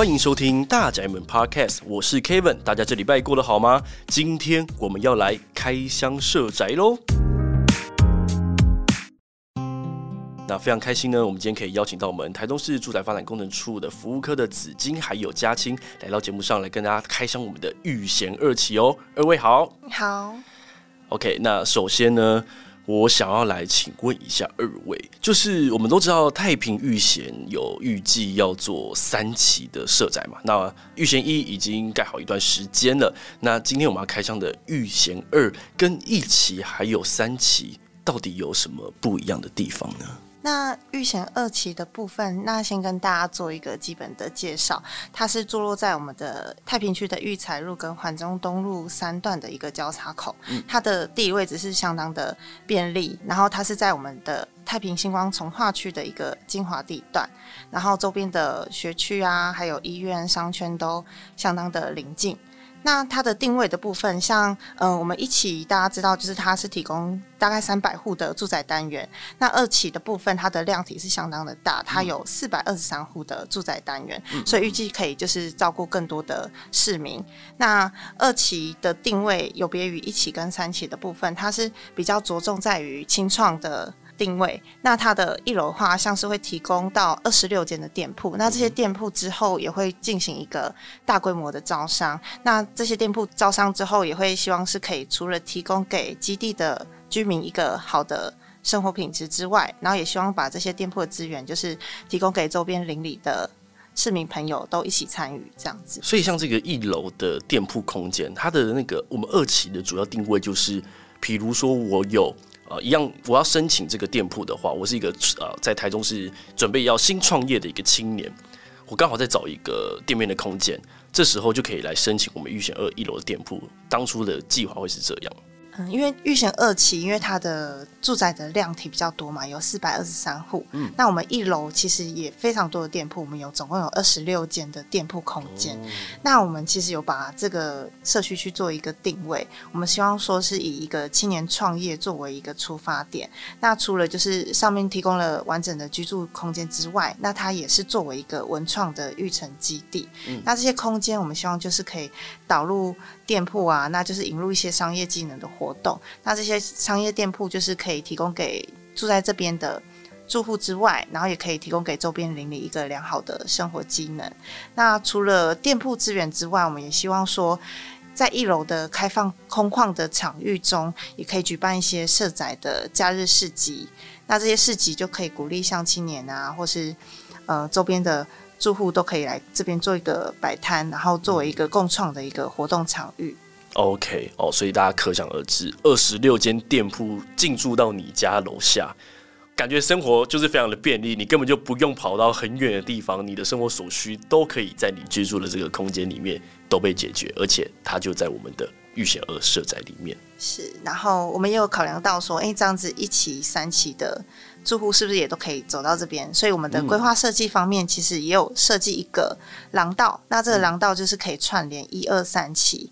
歡迎收聽《大宅門》Podcast，我是 Kevin，大家這禮拜過得好嗎？今天我們要來開箱社宅嘍。嗯、那非常開心呢，我們今天可以邀請到我們台中市住宅發展工程處的服務科的紫金還有嘉青來到節目上來跟大家開箱我們的育賢二期哦。二位好，你好，OK。那首先呢。我想要來請問一下二位，就是我們都知道太平育賢有預計要做三期的社宅嘛？那育賢一已經蓋好一段時間了，那今天我們要開箱的育賢二跟一期還有三期，到底有什麼不一樣的地方呢？那育賢二期的部分，那先跟大家做一個基本的介紹。它是坐落在我們的太平區的育才路跟環中東路三段的一個交叉口，它的地理位置是相當的便利。然後它是在我們的太平星光重劃區的一個精華地段，然後周邊的學區啊，還有醫院商圈都相當的臨近。那它的定位的部分，像呃，我們一期大家知道，就是它是提供大概三百戶的住宅單元。那二期的部分，它的量體是相當的大，它有四百二十三戶的住宅單元，嗯、所以預計可以就是照顧更多的市民。嗯嗯。那二期的定位有別於一期跟三期的部分，它是比較着重在於青創的。定位，那它的一樓的話，像是會提供到二十六間的店鋪，那這些店鋪之後也會進行一個大規模的招商，那這些店鋪招商之後，也會希望是可以除了提供給基地的居民一個好的生活品質之外，然後也希望把這些店鋪的資源，就是提供給周邊鄰里的市民朋友都一起參與這樣子。所以，像這個一樓的店鋪空間，它的那個我們二期的主要定位就是，比如說我有。啊，一樣，我要申請這個店鋪的話，我是一個呃，在台中市準備要新創業的一個青年，我剛好在找一個店面的空間，這時候就可以來申請我們育賢二一樓的店鋪。當初的計劃會是這樣。嗯、因為育賢二期，因為它的住宅的量體比較多嘛，有四百二十三戶。嗯，那我們一樓其實也非常多的店鋪，我們有總共有二十六間的店鋪空間。哦、那我們其實有把這個社區去做一個定位，我們希望說是以一個青年創業作為一個出發點。那除了就是上面提供了完整的居住空間之外，那它也是作為一個文創的育成基地。嗯，那這些空間我們希望就是可以導入。店鋪啊，那就是引入一些商業機能的活動。那這些商業店鋪就是可以提供給住在這邊的住戶之外，然後也可以提供給周邊鄰里一個良好的生活機能。那除了店鋪資源之外，我們也希望說，在一樓的開放空曠的場域中，也可以舉辦一些社宅的假日市集。那這些市集就可以鼓勵像青年啊，或是呃周邊的。住戶都可以來這邊做一個擺攤，然後作為一個共創的一個活動場域。OK，哦，所以大家可想而知，二十六間店鋪進駐到你家樓下，感覺生活就是非常的便利，你根本就不用跑到很遠的地方，你的生活所需都可以在你居住的這個空間裡面都被解決，而且它就在我們的育賢二社宅裡面。是，然後我們也有考量到說，誒，這樣子一期、三期的。住戶是不是也都可以走到這邊？所以我們的規劃設計方面其實也有設計一個廊道。嗯、那這個廊道就是可以串聯一二三期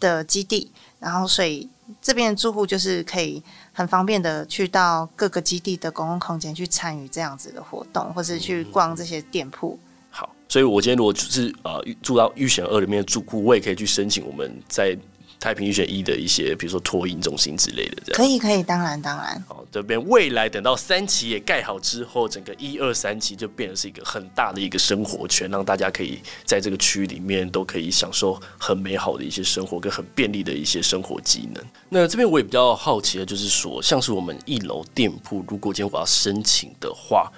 的基地，嗯、哼然後所以這邊的住戶就是可以很方便的去到各個基地的公共空間去參與這樣子的活動，或者去逛這些店鋪、嗯。好，所以我今天如果就是呃住到育賢二裡面的住戶，我也可以去申請我們在。太平育賢一期的一些，比如說托嬰中心之類的，這樣可以可以，當然當然。哦，這邊未來等到三期也蓋好之後，整個一二三期就變成是一個很大的一個生活圈，讓大家可以在這個區域裡面都可以享受很美好的一些生活跟很便利的一些生活機能。那這邊我也比較好奇的就是說，像是我們一樓店鋪，如果今天我要申請的話，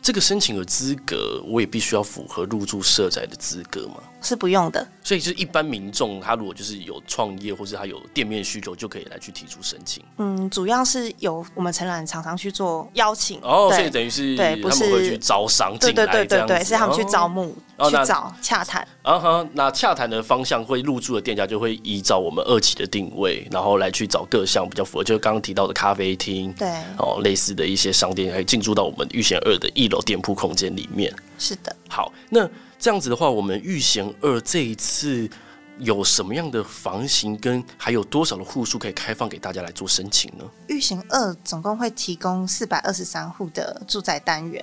這個申請的資格，我也必須要符合入住社宅的資格嗎？是不用的，所以就是一般民眾，他如果就是有創業或者他有店面需求，就可以來去提出申請。嗯，主要是由我們承攬廠商去做邀請，哦，所以等於是對，不是對對去招商進來，對對對對，是他們去招募、哦、去找洽談、哦。啊哈，那洽談的方向會入駐的店家就會依照我們二期的定位，然後來去找各項比較符合，就是剛剛提到的咖啡廳，對哦，類似的一些商店可以進駐到我們育賢二的一樓店鋪空間裡面。是的，好，那這樣子的話，我們育賢二這一次有什麼樣的房型，跟還有多少的戶數可以開放給大家來做申請呢？育賢二總共會提供四百二十三戶的住宅單元，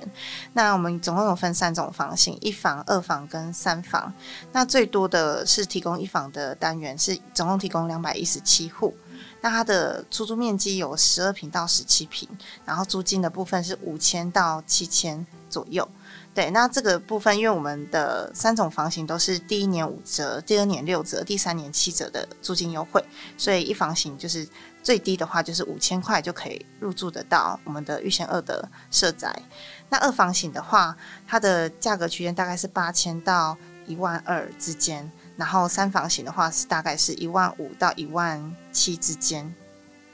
那我們總共有分三種房型，一房、二房跟三房。那最多的是提供一房的單元，是總共提供兩百一十七戶，那它的出租面積有十二坪到十七坪，然後租金的部分是五千到七千左右。對，那這個部分，因為我們的三種房型都是第一年五折、第二年六折、第三年七折的租金優惠，所以一房型就是最低的話就是五千塊就可以入住得到我們的育賢二的社宅。那二房型的話，它的價格區間大概是八千到一萬二之間，然後三房型的話是大概是一萬五到一萬七之間，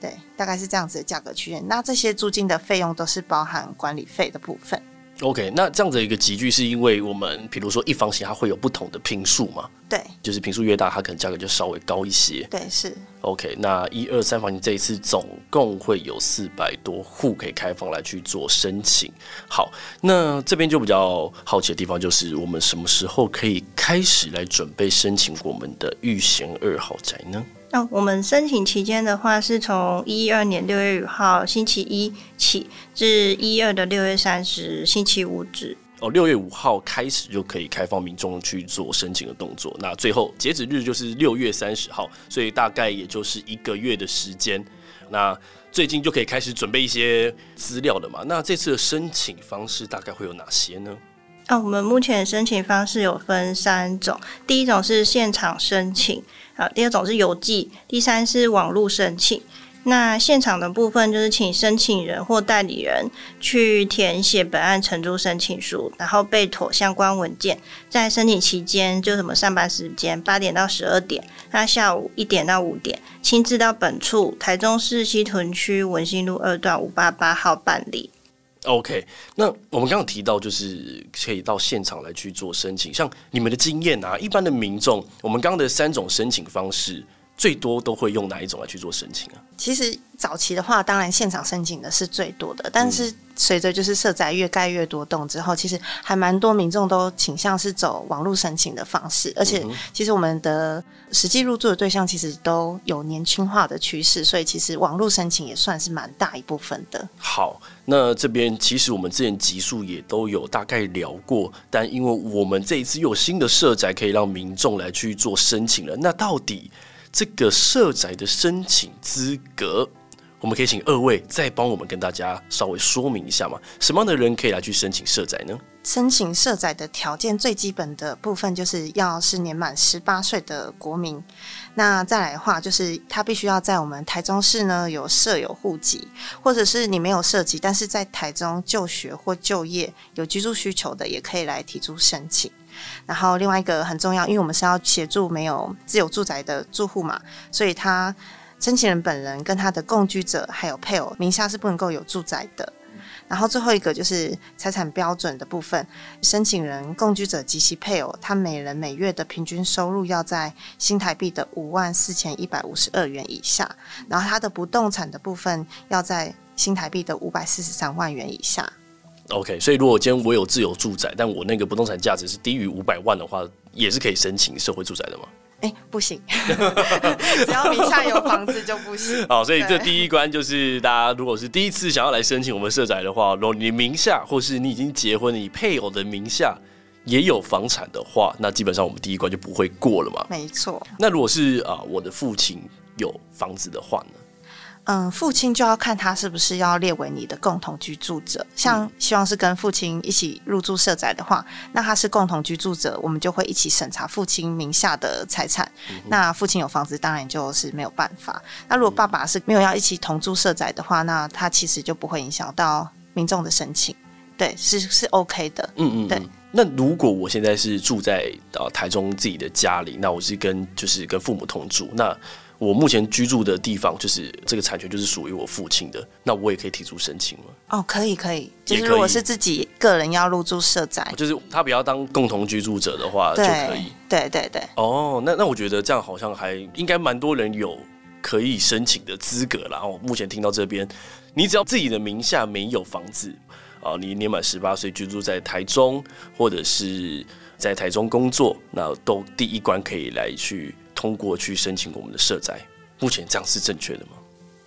對，大概是這樣子的價格區間。那這些租金的費用都是包含管理費的部分。OK，那這樣子一個集聚是因為我們，比如說一房型它會有不同的坪數嘛？對，就是坪數越大，它可能價格就稍微高一些。對，是。OK，那一二三房型這一次總共會有四百多戶可以開放來去做申請。好，那這邊就比較好奇的地方就是，我們什麼時候可以開始來準備申請我們的育賢二好宅呢？那、哦、我們申請期間的話，是從一一二年六月五號星期一起至一一二的六月三十星期五止。哦，六月五號開始就可以開放民眾去做申請的動作。那最後截止日就是六月三十號，所以大概也就是一個月的時間。那最近就可以開始準備一些資料了嘛？那這次的申請方式大概會有哪些呢？哦，我們目前申請方式有分三種，第一種是現場申請。好，第二種是郵寄，第三是網絡申請。那現場的部分就是請申請人或代理人去填寫本案承租申請書，然後備妥相關文件，在申請期間就什麼上班時間八點到十二點，那下午一點到五點，親自到本處台中市西屯區文心路二段五八八號辦理。OK，那我們剛剛提到就是可以到現場來去做申請，像你們的經驗啊，一般的民眾，我們剛剛的三種申請方式。最多都會用哪一種來去做申請啊？其實早期的話，當然現場申請的是最多的，但是隨着就是社宅越蓋越多棟之後，其實還蠻多民眾都傾向是走網絡申請的方式，而且其實我們的實際入住的對象其實都有年輕化的趨勢，所以其實網絡申請也算是蠻大一部分的。好，那這邊其實我們之前集數也都有大概聊過，但因為我們這一次又有新的社宅可以讓民眾來去做申請了，那到底？這個社宅的申請資格，我們可以請二位再幫我們跟大家稍微說明一下嗎？什麼樣的人可以來去申請社宅呢？申請社宅的條件，最基本的部分就是要是年滿十八歲的國民，那再來的話就是他必須要在我們台中市呢有設有戶籍，或者是你沒有設籍，但是在台中就學或就業有居住需求的，也可以來提出申請。然後另外一個很重要，因為我們是要協助沒有自有住宅的住戶嘛，所以他申請人本人跟他的共居者還有配偶名下是不能夠有住宅的。然後最後一個就是財產標準的部分，申請人共居者及其配偶，他每人每月的平均收入要在新台幣的五萬四千一百五十二元以下，然後他的不動產的部分要在新台幣的五百四十三萬元以下。OK，所以如果今天我有自有住宅，但我那個不動產價值是低於五百萬的話，也是可以申請社會住宅的嗎？哎、欸，不行， 只要名下有房子就不行。 好，所以這第一關就是大家如果是第一次想要來申請我們社宅的話，如果你名下或是你已經結婚，你配偶的名下也有房產的話，那基本上我們第一關就不會過了嘛。沒錯。那如果是啊，我的父親有房子的話呢？嗯，父親就要看他是不是要列為你的共同居住者。像希望是跟父親一起入住社宅的話，嗯、那他是共同居住者，我們就會一起審查父親名下的財產。嗯、哼那父親有房子，當然就是沒有辦法。那如果爸爸是沒有要一起同住社宅的話，嗯、那他其實就不會影響到民眾的申請。對，是是 OK 的。嗯，嗯嗯，對。那如果我現在是住在呃台中自己的家裡，那我是跟就是跟父母同住，那。我目前居住的地方就是這個產權，就是屬於我父親的，那我也可以提出申請嗎？哦，可以，可以，就是如果是自己個人要入住社宅，就是他不要當共同居住者的話對就可以。對對對。哦，那那我覺得這樣好像還應該蠻多人有可以申請的資格啦。哦，我目前聽到這邊，你只要自己的名下沒有房子，啊、哦，你年滿十八歲居住在台中，或者是在台中工作，那都第一關可以來去。通過去申請我們的社宅，目前這樣是正確的嗎？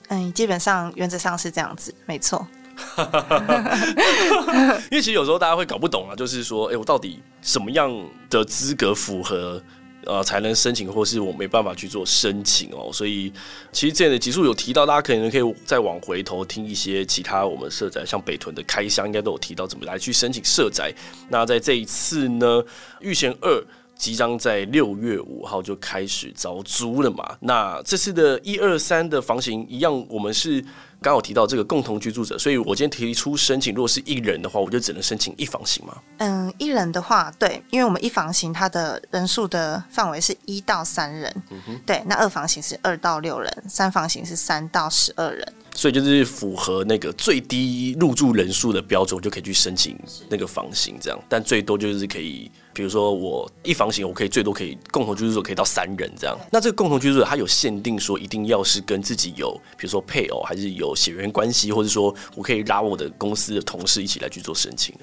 嗯，基本上原則上是這樣子，沒錯。 因為其實有時候大家會搞不懂啊，就是說，哎、欸，我到底什麼樣的資格符合，呃，才能申請，或是我沒辦法去做申請哦。所以其實之前的集數有提到，大家可能可以再往回頭聽一些其他我們社宅，像北屯的開箱，應該都有提到怎麼來去申請社宅。那在這一次呢，育賢二。即將在六月五號就開始招租了嘛？那這次的一二三的房型一樣，我們是。剛好提到這個共同居住者，所以我今天提出申請。如果是一人的話，我就只能申請一房型嗎？嗯，一人的話，對，因為我們一房型它的人數的範圍是一到三人，嗯哼。對，那二房型是二到六人，三房型是三到十二人。所以就是符合那個最低入住人數的標準，我就可以去申請那個房型這樣。但最多就是可以，比如說我一房型，我可以最多可以共同居住者可以到三人這樣。對那這個共同居住者他有限定說，一定要是跟自己有，比如說配偶還是有血緣關係，或者說我可以拉我的公司的同事一起來去做申請？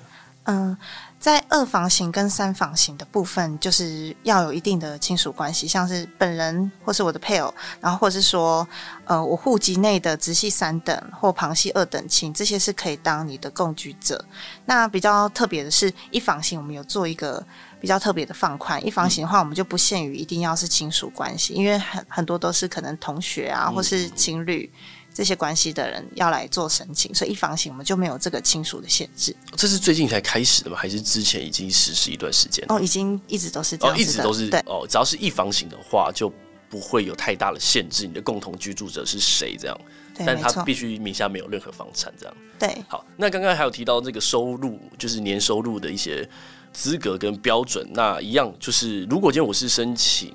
嗯，在二房型跟三房型的部分，就是要有一定的親屬關係，像是本人或是我的配偶，然後或是說，呃，我戶籍內的直系三等或旁系二等親，這些是可以當你的共居者。那比較特別的是，一房型我們有做一個比較特別的放寬，一房型的話，我們就不限於一定要是親屬關係，嗯。因為很很多都是可能同學啊，或是情侶。嗯這些關係的人要來做申請，所以一房型我們就沒有這個親屬的限制。這是最近才開始的嗎？還是之前已經實施一段時間？哦，已經一直都是這樣的。哦，一直都是對哦，只要是一房型的話，就不會有太大的限制，你的共同居住者是誰？這樣，對但他必須名下沒有任何房產，這樣。對，好，那剛剛還有提到這個收入，就是年收入的一些資格跟標準。那一樣就是，如果今天我是申請。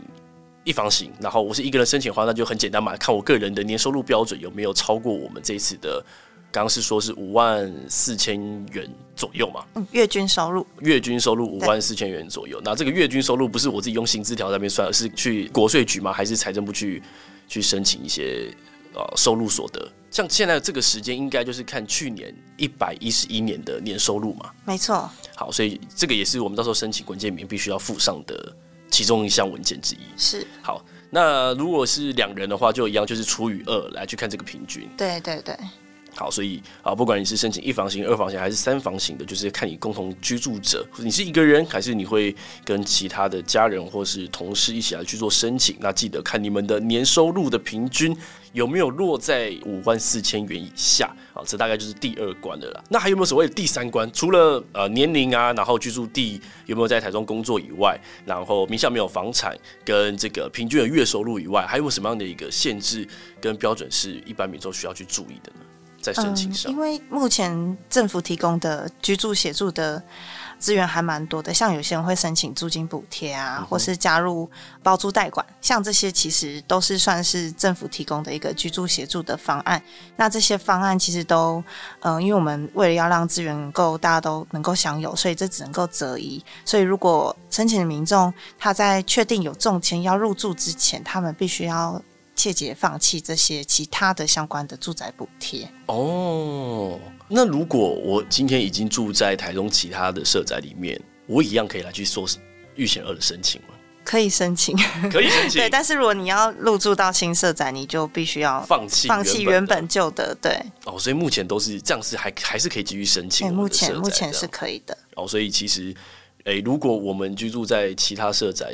一房型，然後我是一個人申請的話，那就很簡單嘛，看我個人的年收入標準有沒有超過我們這一次的，剛剛是說是五萬四千元左右嘛，嗯，月均收入，月均收入五萬四千元左右，對那這個月均收入不是我自己用薪資條，在那邊算，而是去國稅局嘛，還是財政部去去申請一些呃收入所得，像現在這個時間應該就是看去年一百一十一年的年收入嘛。沒錯，好，所以這個也是我們到時候申請文件裡面，必須要附上的。其中一項文件之一是，好，那如果是兩人的話，就一樣，就是除以二來去看這個平均。對對對。好，所以啊，不管你是申請一房型、二房型還是三房型的，就是看你共同居住者，你是一個人，還是你會跟其他的家人或是同事一起來去做申請。那記得看你們的年收入的平均有沒有落在五萬四千元以下啊，這大概就是第二關了啦。那還有沒有所謂的第三關？除了呃年齡啊，然後居住地有沒有在台中工作以外，然後名下沒有房產跟這個平均的月收入以外，還有沒有什麼樣的一個限制跟標準是一般民眾需要去注意的呢？在申請上。嗯，因為目前政府提供的居住協助的資源還蠻多的，像有些人會申請租金補貼啊，嗯、哼或是加入包租代管，像這些其實都是算是政府提供的一個居住協助的方案。那這些方案其實都，嗯，因為我們為了要讓資源夠大家都能夠享有，所以這只能夠擇一。所以如果申請的民眾他在確定有中籤要入住之前，他們必須要。切解，放棄這些其他的相關的住宅補貼哦。那如果我今天已經住在台中其他的社宅裡面，我一樣可以來去做育賢二的申請嗎？可以申請，可以申請。 對，但是如果你要入住到新社宅，你就必須要放棄放棄原本舊的，的。對哦，所以目前都是這樣子，還還是可以繼續申請的、欸。目前目前是可以的。哦，所以其實，哎、欸，如果我們居住在其他社宅。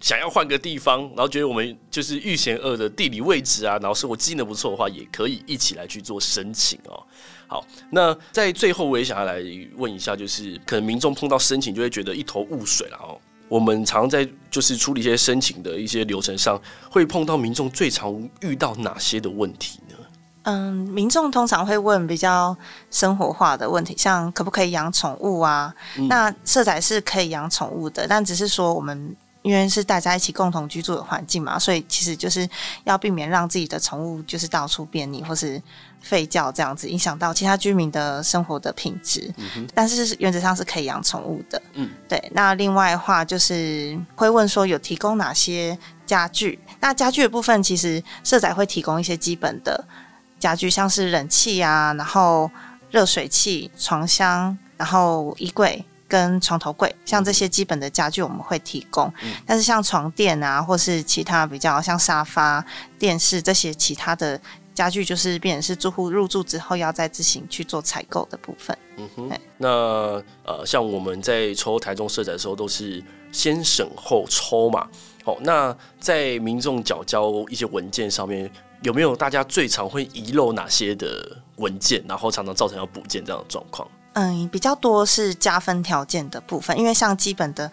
想要換個地方，然後覺得我們就是育賢二的地理位置啊，然後生活機能不錯的話，也可以一起來去做申請哦、喔。好，那在最後我也想要來問一下，就是可能民眾碰到申請就會覺得一頭霧水了哦、喔。我們常在就是處理一些申請的一些流程上，會碰到民眾最常遇到哪些的問題呢？嗯，民眾通常會問比較生活化的問題，像可不可以養寵物啊？嗯、那社宅是可以養寵物的，但只是說我們。因為是大家一起共同居住的環境嘛，所以其實就是要避免讓自己的寵物就是到處便溺或是吠叫這樣子，影響到其他居民的生活的品質。嗯、哼但是原則上是可以養寵物的。嗯，對。那另外的話就是會問說有提供哪些家具？那家具的部分其實社宅會提供一些基本的家具，像是冷氣啊，然後熱水器、床箱，然後衣櫃。跟床頭櫃，像這些基本的家具我們會提供，嗯、但是像床墊啊，或是其他比較像沙發、電視這些其他的家具，就是變成是住戶入住之後要再自行去做採購的部分。嗯哼，對那呃，像我們在抽台中設宅的時候，都是先審後抽嘛。好、哦，那在民眾繳交一些文件上面，有沒有大家最常會遺漏哪些的文件，然後常常造成要補件這樣的狀況？嗯，比較多是加分條件的部分，因為像基本的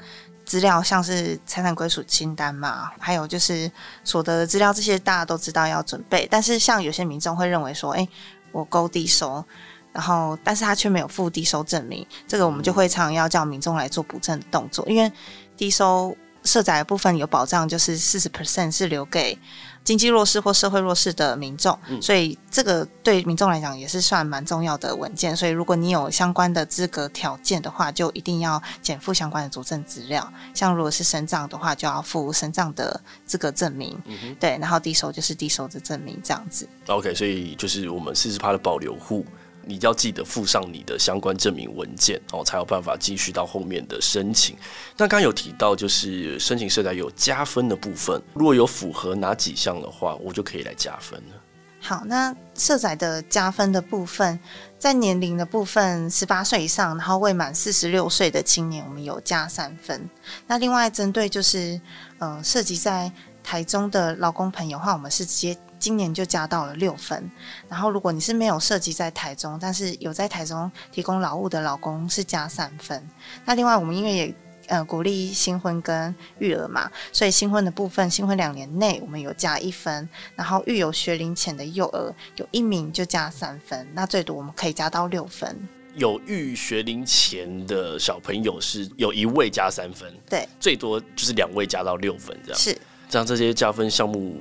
資料，像是財產歸屬清單嘛，還有就是所得的資料，這些大家都知道要準備。但是像有些民眾會認為說，哎、欸，我勾低收，然後但是他卻沒有附低收證明，這個我們就會常常要叫民眾來做補正的動作，因為低收。社宅的部分有保障，就是四十 percent 是留給經濟弱勢或社會弱勢的民眾，嗯、所以這個對民眾來講也是算蠻重要的文件。所以如果你有相關的資格條件的話，就一定要檢附相關的佐證資料。像如果是身障的話，就要附身障的資格證明，嗯、哼對，然後低收就是低收的證明這樣子。OK，所以就是我們四十趴的保留戶。你就要記得附上你的相關證明文件，然後、哦、才有辦法繼續到後面的申請。那剛剛有提到，就是申請社宅有加分的部分，如果有符合哪幾項的話，我就可以來加分了。好，那社宅的加分的部分，在年齡的部分，十八歲以上，然後未滿四十六歲的青年，我們有加三分。那另外針對就是，嗯、呃，涉及在。台中的勞工朋友的話，我們是直接今年就加到了六分。然後，如果你是沒有設籍在台中，但是有在台中提供勞務的勞工是加三分。那另外，我們因為也呃鼓勵新婚跟育兒嘛，所以新婚的部分，新婚兩年內我們有加一分。然後，育有學齡前的幼兒有一名就加三分，那最多我們可以加到六分。有育學齡前的小朋友是有一位加三分，對，最多就是兩位加到六分這樣。是。這樣這些加分項目。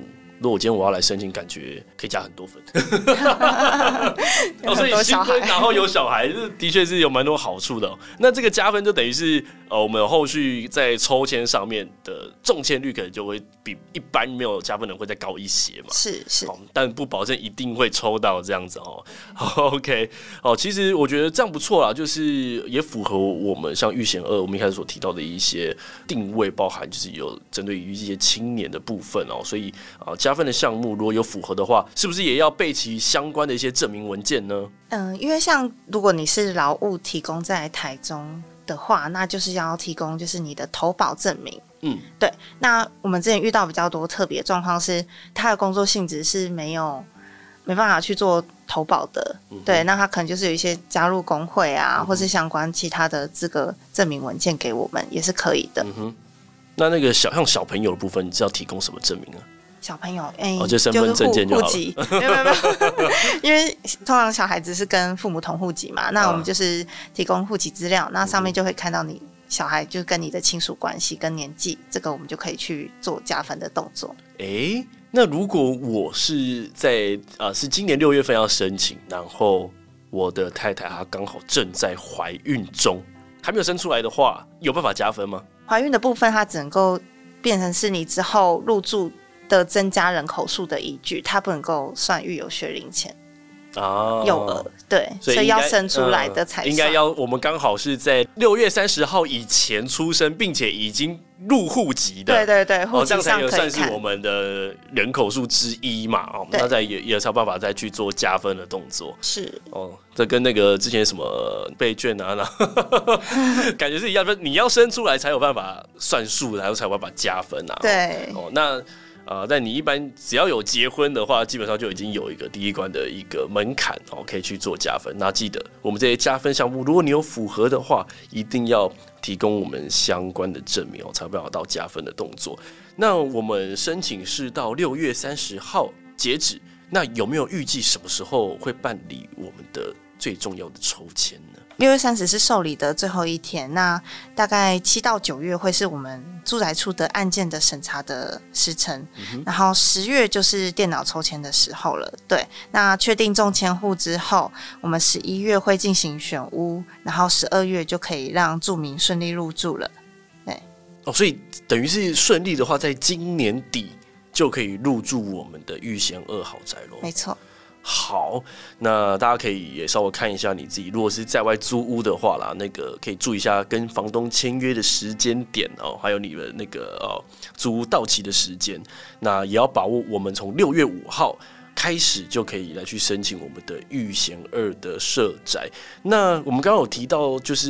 我今天我要來申請，感覺可以加很多分 很多、 哦。哈哈哈哈，所以，新婚然後有小孩是 的確是有蠻多好處的、哦。那這個加分就等於是呃，我們後續在抽籤上面的中籤率可能就會比一般沒有加分的人會再高一些嘛？是是，但不保證一定會抽到這樣子哦。OK，哦，其實我覺得這樣不錯啦，就是也符合我們像育賢二我們一開始所提到的一些定位，包含就是有針對於這些青年的部分哦，所以啊、呃、加。分的項目如果有符合的話，是不是也要備齊相關的一些證明文件呢？嗯、呃，因為像如果你是勞務提供在台中的話，那就是要提供就是你的投保證明。嗯，對。那我們之前遇到比較多特別狀況是，他的工作性質是沒有沒辦法去做投保的。嗯、哼對，那他可能就是有一些加入工會啊，嗯、哼或是相關其他的資格證明文件給我們也是可以的。嗯哼。那那個小像小朋友的部分，你知道提供什麼證明啊？小朋友，哎，哦，就身份證件，就是戶，戶籍就好了。戶籍。 因為通常小孩子是跟父母同戶籍嘛，那我們就是提供戶籍資料，啊、那上面就會看到你小孩就是跟你的親屬關係跟年紀，嗯、這個我們就可以去做加分的動作。哎、欸，那如果我是在啊，是今年六月份要申請，然後我的太太她剛好正在懷孕中，還沒有生出來的話，有辦法加分嗎？懷孕的部分，它只能夠變成是你之後入住的增加人口數的依據，它不能夠算育有學齡前啊幼兒，對，所以，所以要生出來的才、嗯、應該要。我們剛好是在六月三十號以前出生，並且已經入戶籍的，對對對，哦，這樣才有算是我們的人口數之一嘛。哦，對那再也也才有辦法再去做加分的動作，是哦。這跟那個之前什麼倍券啊，啊，那 感覺是一樣，你要生出來才有辦法算數，然後才有辦法加分啊。對哦，那。啊，但你一般只要有結婚的話，基本上就已經有一個第一關的一個門檻哦，可以去做加分。那記得我們這些加分項目，如果你有符合的話，一定要提供我們相關的證明哦，才辦得到加分的動作。那我們申請是到六月三十號截止，那有沒有預計什麼時候會辦理我們的最重要的抽籤呢？六月三十是受理的最後一天，那大概七到九月會是我們住宅處的案件的審查的時程。嗯、哼然後十月就是電腦抽籤的時候了。對，那確定中籤戶之後，我們十一月會進行選屋，然後十二月就可以讓住民順利入住了。對，哦，所以等於是順利的話，在今年底就可以入住我們的育賢二好宅囉。沒錯。好，那大家可以也稍微看一下你自己。如果是在外租屋的話啦，那個可以注意一下跟房東簽約的時間點哦、喔，還有你的那個哦、喔，租屋到期的時間。那也要把握，我們從六月五號開始就可以來去申請我們的育賢二的社宅。那我們剛剛有提到，就是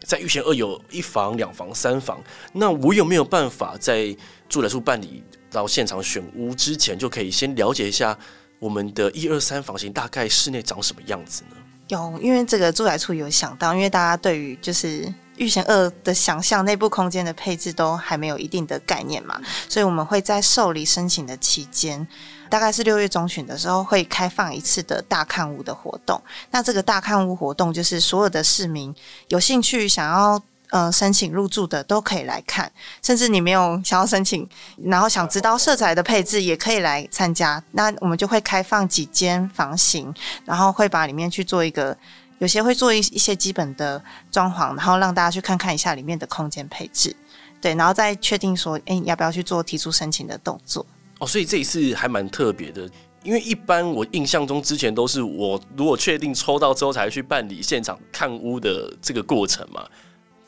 在育賢二有一房、兩房、三房。那我有沒有辦法在住宅處辦理到現場選屋之前，就可以先了解一下？我們的一二三房型大概室內長什麼樣子呢？有，因為這個住宅處有想到，因為大家對於就是育賢二的想象內部空間的配置都還沒有一定的概念嘛，所以我們會在受理申請的期間，大概是六月中旬的時候會開放一次的大看屋的活動。那這個大看屋活動就是所有的市民有興趣想要。嗯、呃，申請入住的都可以來看，甚至你沒有想要申請，然後想知道色彩的配置也可以來參加。那我們就會開放幾間房型，然後會把裡面去做一個，有些會做一一些基本的裝潢，然後讓大家去看看一下裡面的空間配置。對，然後再確定說，哎、欸，要不要去做提出申請的動作。哦，所以這一次還蠻特別的，因為一般我印象中之前都是我如果確定抽到之後才去辦理現場看屋的這個過程嘛。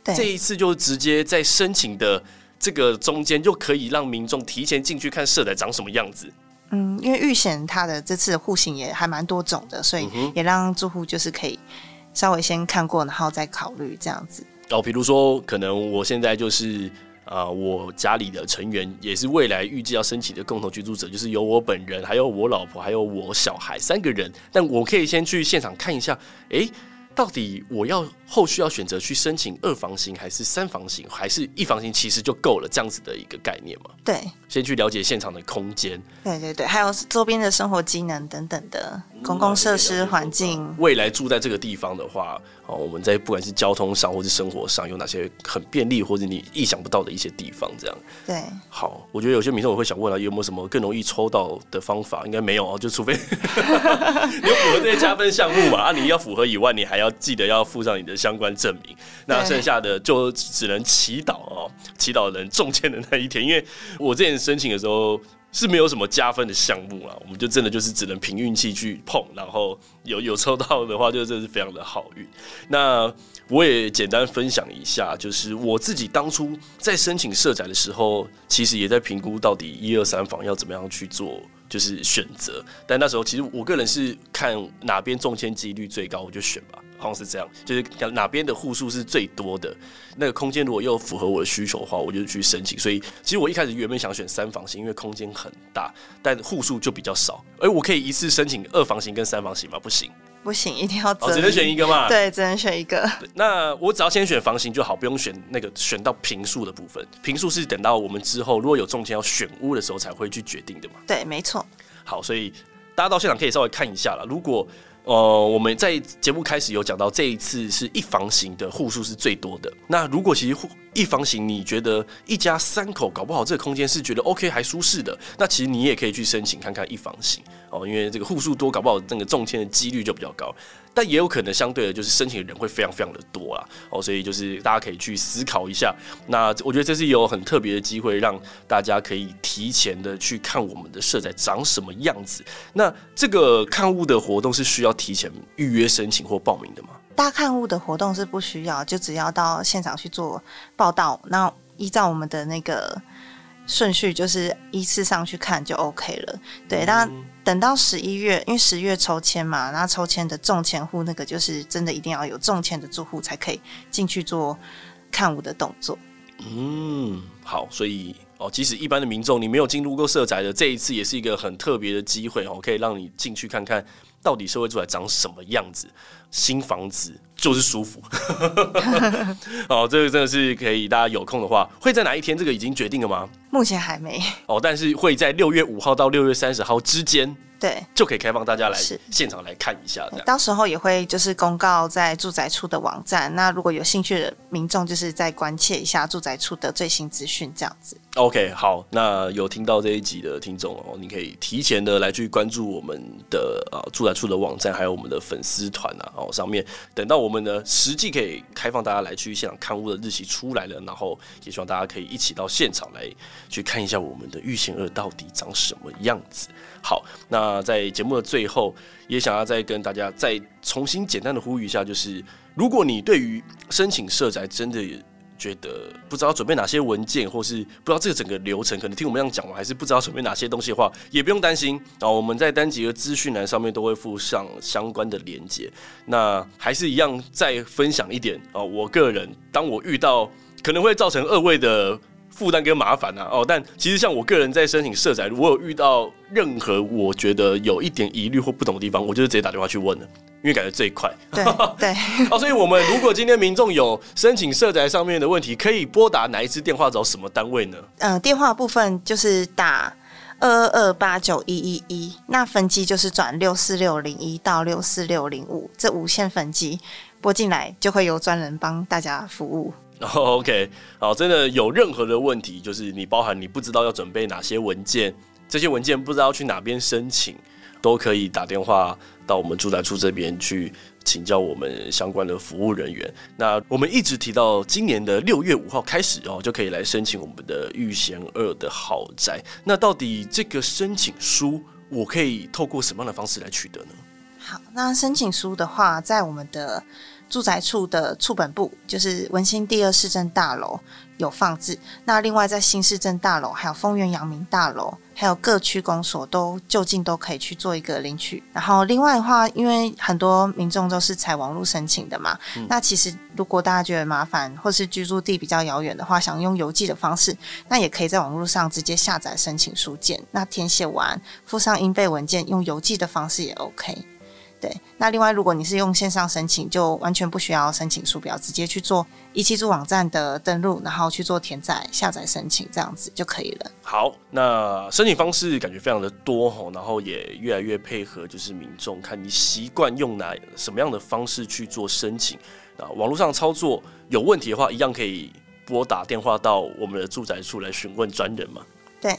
對這一次就直接在申請的這個中間，就可以讓民眾提前進去看社宅長什麼樣子。嗯，因為預選它的這次的戶型也還蠻多種的，所以也讓住戶就是可以稍微先看過，然後再考慮這樣子。哦，比如說可能我現在就是呃，我家裡的成員也是未來預計要申請的共同居住者，就是有我本人、還有我老婆、還有我小孩三個人，但我可以先去現場看一下，哎。到底我要後續要選擇去申請二房型還是三房型，還是一房型，其實就夠了，這樣子的一個概念嘛？對，先去了解現場的空間。對對對，還有是周邊的生活機能等等的公共設施、有有環境，未來住在這個地方的話。哦，我們在不管是交通上，或是生活上，有哪些很便利，或者你意想不到的一些地方，這樣。對。好，我覺得有些民眾我會想問啊，有沒有什麼更容易抽到的方法？應該沒有哦，就除非 你符合這些加分項目嘛 啊，你要符合以外，你還要記得要附上你的相關證明。對那剩下的就只能祈禱哦。祈禱人中籤的那一天。因為我之前申請的時候。是沒有什麼加分的項目啊，我們就真的就是只能憑運氣去碰，然後有有抽到的話，就真的是非常的好運。那我也簡單分享一下，就是我自己當初在申請社宅的時候，其實也在評估到底一二三房要怎麼樣去做。就是選擇，但那時候其實我個人是看哪邊中籤幾率最高，我就選吧，好像是這樣。就是看哪邊的戶數是最多的，那個空間如果又符合我的需求的話，我就去申請。所以其實我一開始原本想選三房型，因為空間很大，但戶數就比較少。而、欸、我可以一次申請二房型跟三房型嗎？不行。不行，一定要、哦、只能選一個嘛？對，只能選一個。那我只要先選房型就好，不用選那個選到坪數的部分。坪數是等到我們之後如果有中籤要選屋的時候才會去決定的嘛？對，沒錯。好，所以大家到現場可以稍微看一下了。如果呃我們在節目開始有講到，這一次是一房型的戶數是最多的。那如果其實戶。一房型，你覺得一家三口搞不好這個空間，是覺得 OK 還舒適的，那其實你也可以去申請看看一房型哦，因為這個戶數多，搞不好那個中籤的幾率就比較高，但也有可能相對的，就是申請的人會非常非常的多啦哦，所以就是大家可以去思考一下。那我覺得這是有很特別的機會，讓大家可以提前的去看我們的社宅長什麼樣子。那這個看屋的活動是需要提前預約申請或報名的嗎？大看屋的活動是不需要，就只要到現場去做報到。那依照我們的那個順序，就是依次上去看就 OK 了。對，但等到十一月，因為十月抽籤嘛，那抽籤的中籤戶那個，就是真的一定要有中籤的住戶才可以進去做看屋的動作。嗯，好，所以哦，即使一般的民眾，你沒有進入過社宅的，這一次也是一個很特別的機會哦，可以讓你進去看看。到底社會住宅長什麼樣子？新房子就是舒服。哦， 這個真的是可以，大家有空的話會在哪一天？這個已經決定了嗎？目前還沒。哦，但是會在六月五號到六月三十號之間。對，就可以開放大家來現場來看一下這樣。到時候也會就是公告在住宅處的網站。那如果有興趣的民眾，就是再關切一下住宅處的最新資訊這樣子。OK，好，那有聽到這一集的聽眾哦，你可以提前的來去關注我們的呃，住宅處的網站，還有我們的粉絲團啊。哦，上面等到我們的實際可以開放大家來去現場看屋的日期出來了，然後也希望大家可以一起到現場來去看一下我們的育賢二到底長什麼樣子。好，那在節目的最後，也想要再跟大家再重新簡單的呼籲一下，就是如果你對於申請社宅真的覺得不知道準備哪些文件，或是不知道這個整個流程，可能聽我們這樣講完還是不知道準備哪些東西的話，也不用擔心啊、哦，我們在單集的資訊欄上面都會附上相關的連接。那還是一樣再分享一點啊、哦，我個人當我遇到可能會造成二位的負擔跟麻煩啊，哦，但其實像我個人在申請社宅，如果有遇到任何我覺得有一點疑慮或不懂的地方，我就直接打電話去問了，因為感覺最快。對對，對哦，所以我們如果今天民眾有申請社宅上面的問題，可以撥打哪一支電話找什麼單位呢？嗯、呃，電話部分就是打二二二八九一一一，那分機就是轉六四六零一到六四六零五這五線分機撥進來，就會有專人幫大家服務。OK，好，真的有任何的問題，就是你包含你不知道要準備哪些文件，這些文件不知道要去哪邊申請，都可以打電話到我們住宅處這邊去請教我們相關的服務人員。那我們一直提到今年的六月五號開始哦，就可以來申請我們的育賢二的好宅。那到底這個申請書，我可以透過什麼樣的方式來取得呢？好，那申請書的話，在我們的。住宅處的處本部就是文心第二市政大樓有放置，那另外在新市政大樓、還有豐原陽明大樓、還有各區公所都就近都可以去做一個領取。然後另外的話，因為很多民眾都是採網絡申請的嘛，嗯、那其實如果大家覺得麻煩或是居住地比較遙遠的話，想用郵寄的方式，那也可以在網絡上直接下載申請書件，那填寫完附上應備文件，用郵寄的方式也 OK。對，那另外如果你是用線上申請，就完全不需要申請書表，直接去做一七租網站的登錄，然後去做填載下載申請，這樣子就可以了。好，那申請方式感覺非常的多吼，然後也越來越配合，就是民眾看你習慣用哪什麼樣的方式去做申請那網絡上操作有問題的話，一樣可以撥打電話到我們的住宅處來詢問專人嘛。對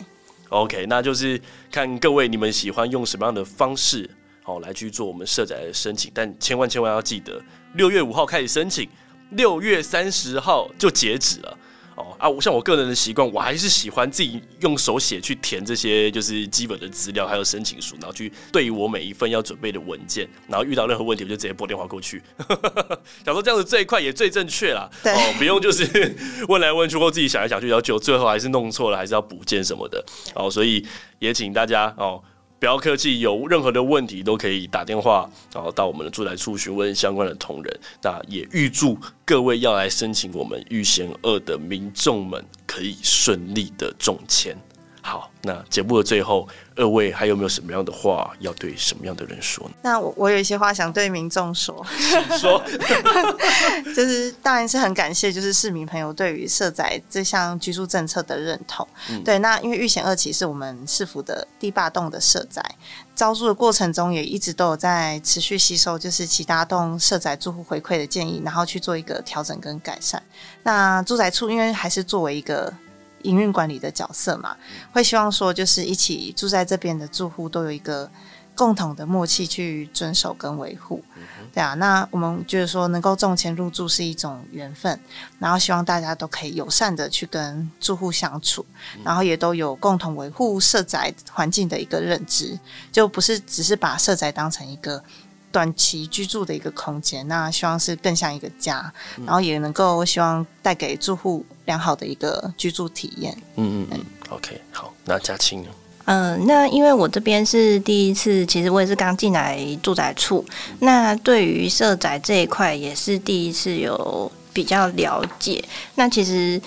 ，OK，那就是看各位你們喜歡用什麼樣的方式。哦，來去做我們社宅的申請，但千萬千萬要記得，六月五號開始申請，六月三十號就截止了。哦啊，我像我個人的習慣，我還是喜歡自己用手寫去填這些，就是基本的資料，還有申請書，然後去對於我每一份要準備的文件，然後遇到任何問題，我就直接撥電話過去。 想說這樣子最快也最正確了，對哦，不用就是問來問去或自己想來想去，然後就最後還是弄錯了，還是要補件什麼的。哦，所以也請大家哦。不要客氣，有任何的問題都可以打電話，然後到我們的住宅處詢問相關的同仁。那也預祝各位要來申請我們育賢二的民眾們可以順利的中簽。好，那節目的最後，二位還有沒有什麼樣的話要對什麼樣的人說呢？那我我有一些話想對民眾說，說。 就是當然是很感謝，就是市民朋友對於社宅這項居住政策的認同。嗯、對，那因為育賢二期是我們市府的第八棟的社宅，招租的過程中也一直都有在持續吸收，就是其他棟社宅住戶回饋的建議，然後去做一個調整跟改善。那住宅處因為還是作為一個。營運管理的角色嘛，會希望說，就是一起住在這邊的住戶都有一個共同的默契去遵守跟維護，嗯、哼對啊。那我們就是說，能夠中籤入住是一種緣分，然後希望大家都可以友善的去跟住戶相處，然後也都有共同維護社宅環境的一個認知，就不是只是把社宅當成一個。短期居住的一個空間，那希望是更像一個家，嗯、然後也能夠希望帶給住戶良好的一個居住體驗。嗯嗯嗯對，OK，好，那嘉慶呢？嗯、呃，那因為我這邊是第一次，其實我也是剛進來住宅處，那對於社宅這一塊也是第一次有比較了解。那其實，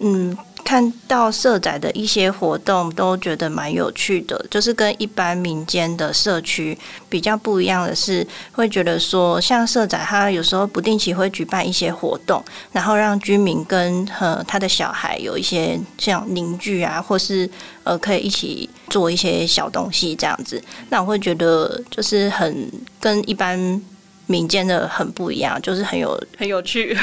嗯。看到社宅的一些活動，都覺得蠻有趣的。就是跟一般民間的社區比較不一樣的是，會覺得說，像社宅，他有時候不定期會舉辦一些活動，然後讓居民跟呃他的小孩有一些像凝聚啊，或是呃可以一起做一些小東西這樣子。那我會覺得就是很跟一般，民間的很不一樣，就是很有很有趣，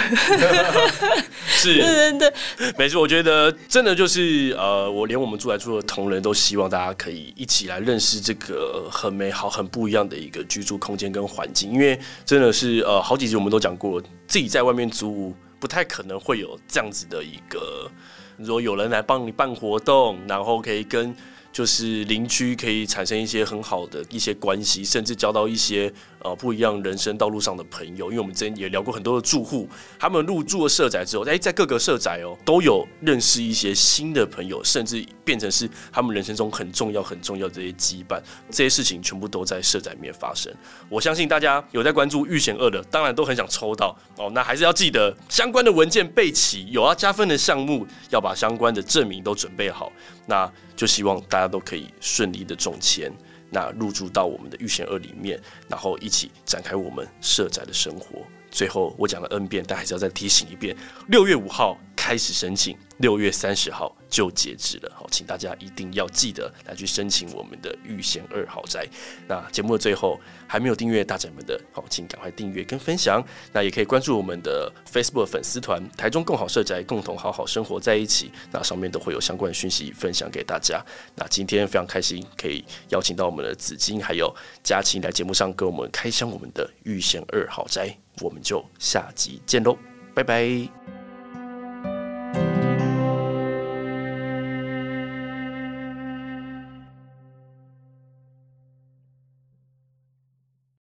是，對對 對，對對沒錯，我覺得真的就是呃，我連我們住來住的同仁都希望大家可以一起來認識這個很美好、很不一樣的一個居住空間跟環境，因為真的是呃，好幾集我們都講過，自己在外面租不太可能會有這樣子的一個，如果有人來幫你辦活動，然後可以跟。就是鄰居可以產生一些很好的一些關係，甚至交到一些呃不一樣人生道路上的朋友。因為我們之前也聊過很多的住戶，他們入住了社宅之後，欸，在各個社宅哦，都有認識一些新的朋友，甚至變成是他們人生中很重要、很重要的這些羈絆。這些事情全部都在社宅裡面發生。我相信大家有在關注《遇險二》的，當然都很想抽到哦。那還是要記得相關的文件備齊，有要加分的項目，要把相關的證明都準備好。那就希望大家都可以順利的中籤，那入住到我們的育賢二裡面，然後一起展開我們社宅的生活。最後我講了 n 遍，但還是要再提醒一遍，六月五號開始申請。六月三十號就截止了，好，請大家一定要記得來去申請我們的育賢二好宅。那節目的最後，還沒有訂閱大宅們的，好，請趕快訂閱跟分享。那也可以關注我們的 Facebook 粉絲團“台中共好社宅，共同好好生活在一起”。那上面都會有相關訊息分享給大家。那今天非常開心可以邀請到我們的紫金還有嘉琪來節目上跟我們開箱我們的育賢二好宅，我們就下集見嘍，拜拜。